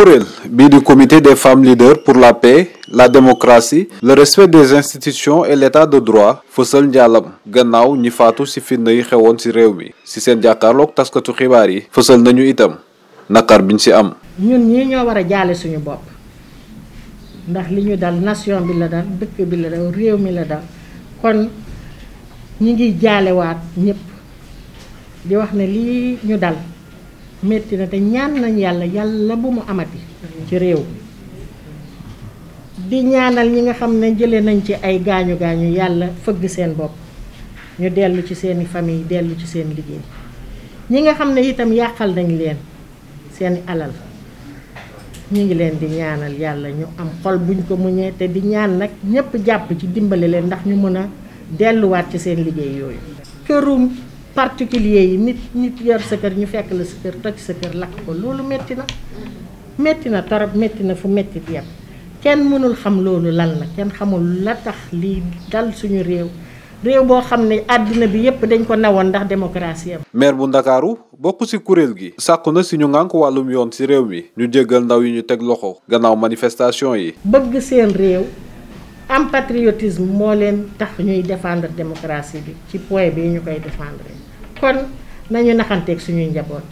kuréel bii di comité des femmes leaders pour la paix la démocratie le respect des institutions et l'état de droit fësal Ndialam, gannaaw ñi faatu ci fitna yi xewoon ci réew mi ci seen jàkkaarloog taskatu xibaar nañu itam Nakar biñ ci am ñun ñii ñoo war a jaale suñu bopp ndax li ñu dal nation bi la dal dëkk bi la dal réew mi la dal kon ñi ngi waat ñëpp di wax ne li ñu dal metti na te ñaan nañ yàlla yàlla bu mu amati ci réew di ñaanal ñi nga xam ne jële nañ ci ay gaañu gaañu yàlla fëgg seen bopp ñu dellu ci seeni famille dellu ci seen liggéey ñi nga xam ne itam yàqal nañ leen seeni alal ñu ngi leen di ñaanal yàlla ñu am xol buñ ko muñee te di ñaan nag ñëpp jàpp ci dimbale leen ndax ñu mën a delluwaat ci seen liggéey yooyu kërum particulier yi nit nit yor sa kër ñu fekk la sa kër toj sa kër lakk ko loolu metti na metti na torop metti na fu metti yem kenn mënul xam loolu lan la kenn xamul la tax lii dal suñu réew réew boo xam ne àddina bi yépp dañ ko nawoon ndax démocratie am maire bu ndakaaru bokk ci kuréel gi sàkku na si ñu ngànk wàllum yoon ci réew mi ñu jéggal ndaw yi ñu teg loxo gannaaw manifestation yi bëgg seen réew am patriotisme moo leen tax ñuy défendre démocratie bi ci point bi ñu koy défendre kon nañu ak suñu njaboot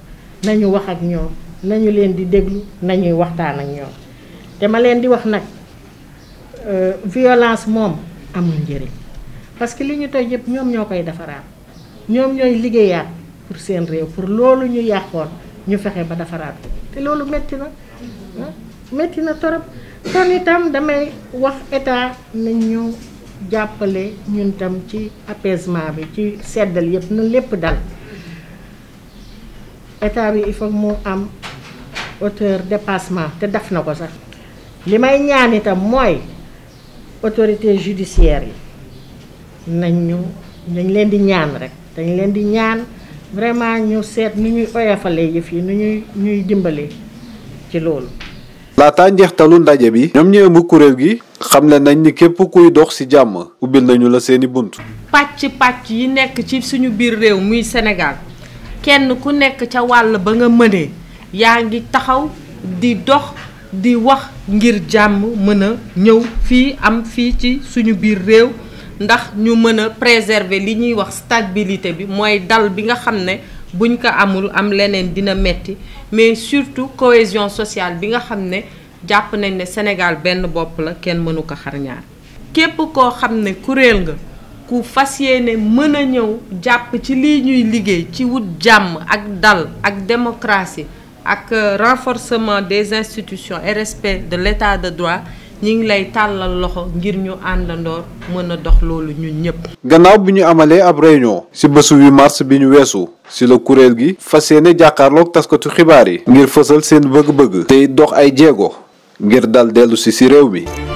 nañu wax ak ñoom nañu leen di déglu nañuy waxtaan ak ñoom ma leen di wax nag euh, violence moom amul njëriñ parce que li ñu toj yëpp ñoom ñoo koy defaraat ñoom ñooy liggéeyaat pour seen réew pour loolu ñu yàqoon ñu fexe ba defaraat te loolu metti na ah, metti na torop kon damay wax état nañ ñëw jàppale ñun tam ci apaisement bi ci seddal yëpp na lépp dal état bi il faut mu am hauteur dépassement te def na ko sax li may ñaan itam mooy autorité judiciaire yi nañ ñu dañ leen di ñaan rekk dañ leen di ñaan vraiment ñu seet nu ñuy oyofalee yëf yi nu ñuy ñuy dimbale ci loolu laata njeextalu ndaje bi ñoom ñi ëmb kuréel gi xamle nañ ni képp kuy dox ci jàmm ubbil nañu la seeni bunt pàcc-pàcc yi nekk ci suñu biir réew muy Sénégal kenn ku nekk ca wàll ba nga mënee yaa ngi taxaw di dox di wax ngir jàmm mën a ñëw fii am fii ci suñu biir réew ndax ñu mën a préserver li ñuy wax stabilité bi mooy dal bi nga xam ne buñ ko amul am leneen dina mais surtout cohésion sociale bi nga ne nañ ne Sénégal benn la mënu ko ku fas yéene mën ñëw jàpp ci ak dal ak démocratie ak euh, renforcement des institutions et respect de l'état de droit ñi ngi lay tàllal loxo ngir ñu àndandoor mën a dox loolu ñun ñëpp. gannaaw bi ñu amalee ab réunion. ci bésu wi mars bi ñu weesu. ci la kuréel gi. fas yéene jàkkaarloog taskatu xibaar yi. ngir fësal seen bëgg-bëgg. tey dox ay jéego ngir dal dellu si ci réew mi.